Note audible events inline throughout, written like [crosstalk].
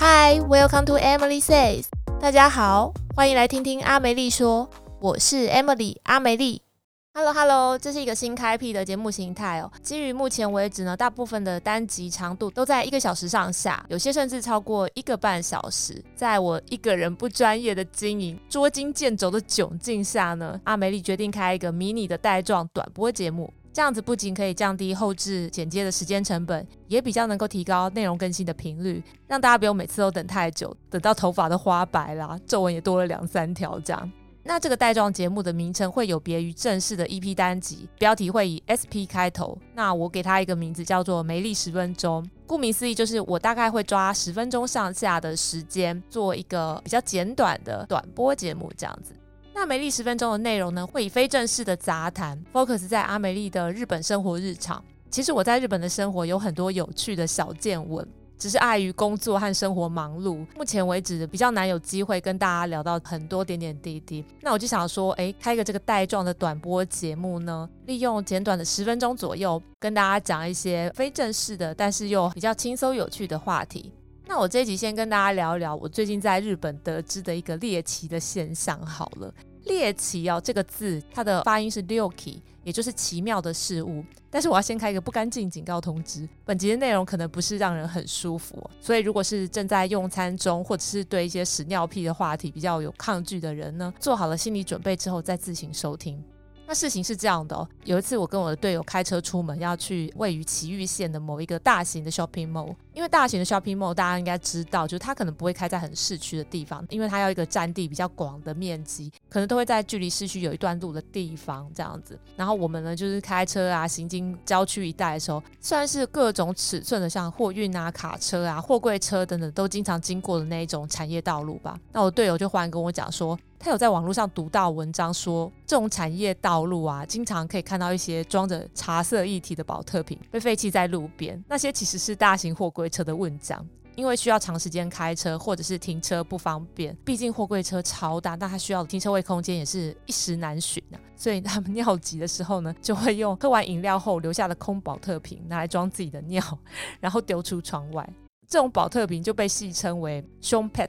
Hi, welcome to Emily Says。大家好，歡迎來聽聽啊沒力說。我是 Emily，啊沒力。Hello, hello，這是一個新開闢的節目形態哦。基於目前為止呢，大部分的單集長度都在一個小時上下，有些甚至超過一個半小時。在我一個人不專業的經營、捉襟見肘的窘境下呢，啊沒力決定開一個迷你的帶狀短播節目。這樣子不僅可以降低後製剪接的時間成本，也比較能夠提高內容更新的頻率，讓大家不用每次都等太久，等到頭髮都花白啦，皺紋也多了兩三條這樣。那這個帶狀節目的名稱會有別於正式的 EP 單集，標題會以 SP 開頭。那我給它一個名字叫做《沒力十分鐘》，顧名思義就是我大概會抓十分鐘上下的時間做一個比較簡短的短播節目，這樣子。那沒力十分鐘的內容呢，會以非正式的雜談，focus 在阿沒力的日本生活日常。其實我在日本的生活有很多有趣的小見聞，只是礙於工作和生活忙碌，目前為止比較難有機會跟大家聊到很多點點滴滴。那我就想說，哎，開一個這個帶狀的短播節目呢，利用簡短的十分鐘左右，跟大家講一些非正式的，但是又比較輕鬆有趣的話題。那我這一集先跟大家聊一聊我最近在日本得知的一個獵奇的現象，好了。獵奇哦，這個字它的發音是“六奇”，也就是奇妙的事物。但是我要先開一個不乾淨警告通知，本集的內容可能不是讓人很舒服哦，所以如果是正在用餐中，或者是對一些屎尿屁的話題比較有抗拒的人呢，做好了心理準備之後再自行收聽。那事情是這樣的哦，有一次我跟我的隊友開車出門，要去位於埼玉縣的某一個大型的 shopping mall。因為大型的 shopping mall，大家應該知道，就是它可能不會開在很市區的地方，因為它要一個占地比較廣的面積，可能都會在距離市區有一段路的地方這樣子。然後我們呢，就是開車啊，行經郊區一帶的時候，雖然是各種尺寸的，像貨運啊、卡車啊、貨櫃車等等，都經常經過的那一種產業道路吧。那我的隊友就忽然跟我講說。他有在網路上讀到文章說，這種產業道路啊，經常可以看到一些裝着茶色液體的寶特瓶，被廢棄在路邊。那些其實是大型貨櫃車的文章，因為需要長時間開車，或者是停車不方便，畢竟貨櫃車超大，那它需要的停車位空間也是一時難尋啊。所以他們尿急的時候呢，就會用喝完飲料後留下的空寶特瓶拿來裝自己的尿，然後丟出窗外。這種寶特瓶就被戲稱為“胸 p e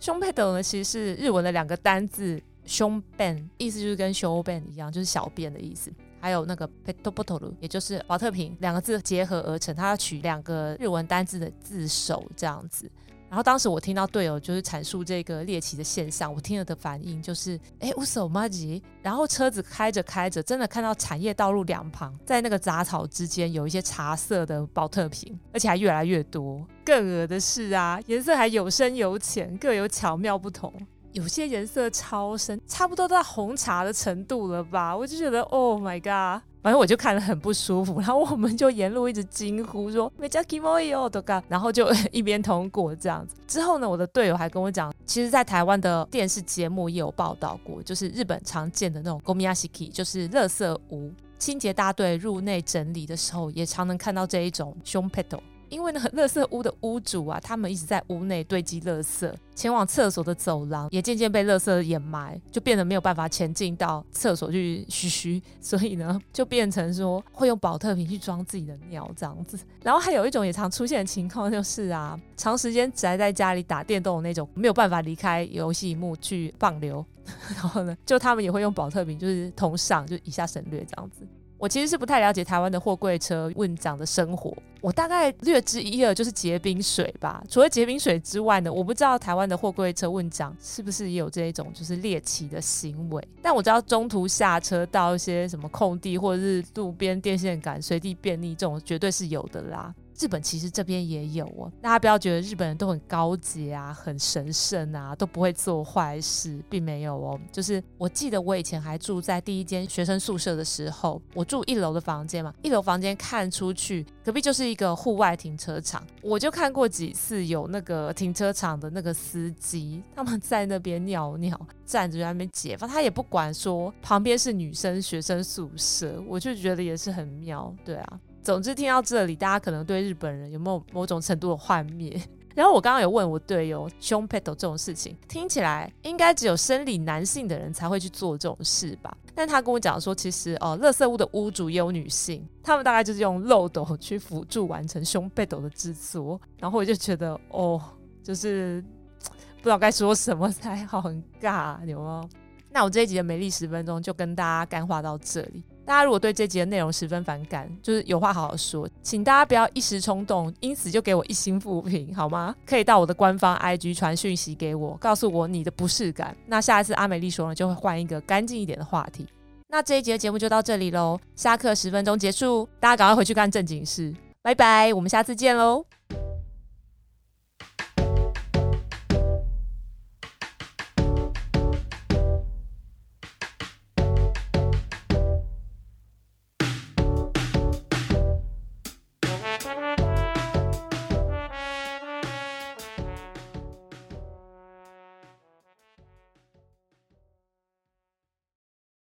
胸佩的呢，其實是日文的兩個單字，胸 band，意思就是跟胸 band 一樣，就是小便的意思。還有那個ペットボトル也就是寶特瓶，兩個字結合而成，它要取兩個日文單字的字首這樣子。然後當時我聽到隊友就是闡述這個獵奇的現象，我聽了的反應就是，哎，烏索馬吉。然後車子開着開着，真的看到產業道路兩旁，在那個雜草之間有一些茶色的寶特瓶，而且還越來越多。更惡的是啊，顏色還有深有淺，各有巧妙不同。有些顏色超深，差不多到紅茶的程度了吧？我就覺得，Oh my god！反正我就看了很不舒服。然後我們就沿路一直驚呼說，めっちゃキモいよ，我的 god！然後就一邊通過這樣子。之後呢，我的隊友還跟我講，其實，在台灣的電視節目也有報道過，就是日本常見的那種ゴミ屋敷，就是垃圾屋，清潔大隊入內整理的時候，也常能看到這一種ションペット。因為呢，垃圾屋的屋主啊，他們一直在屋內堆積垃圾，前往廁所的走廊也漸漸被垃圾掩埋，就變得沒有辦法前進到廁所去噓噓，所以呢，就變成說會用寶特瓶去裝自己的尿這樣子。然後還有一種也常出現的情況就是啊，長時間宅在家裡打電動的那種，沒有辦法離開遊戲幕去放流， [laughs] 然後呢，就他們也會用寶特瓶就是同上，就以下省略這樣子。我其實是不太了解台灣的貨櫃車運將的生活，我大概略知一二，就是結冰水吧。除了結冰水之外呢，我不知道台灣的貨櫃車運將是不是也有這一種就是獵奇的行為。但我知道中途下車到一些什麼空地或者是路邊電線杆隨地便溺這種絕對是有的啦。日本其實這邊也有哦，大家不要覺得日本人都很高級啊、很神聖啊，都不會做壞事，並沒有哦。就是我記得我以前還住在第一間學生宿舍的時候，我住一樓的房間嘛，一樓房間看出去隔壁就是一個戶外停車場，我就看過幾次有那個停車場的那個司機他們在那邊尿尿，站着在那邊解放，他也不管說旁邊是女生學生宿舍，我就覺得也是很妙，對啊。總之聽到這裡，大家可能對日本人有沒有某種程度的幻滅。然後我剛剛有問我隊友，胸背斗這種事情聽起來應該只有生理男性的人才會去做這種事吧？但他跟我講說，其實哦，垃圾屋的屋主也有女性，他們大概就是用漏斗去輔助完成胸背斗的制作。然後我就覺得哦，就是不知道該說什麼才好，很尬，有沒有？那我這一集的沒力十分鐘就跟大家幹話到這裡。大家如果對這集的內容十分反感，就是有話好好說，請大家不要一時衝動，因此就給我一心負評好嗎？可以到我的官方 IG 傳訊息給我，告訴我你的不適感。那下一次阿美麗說呢，就會換一個乾淨一點的話題。那這一集的節目就到這裡嘍，下課十分鐘結束，大家趕快回去幹正經事，拜拜，我們下次見嘍。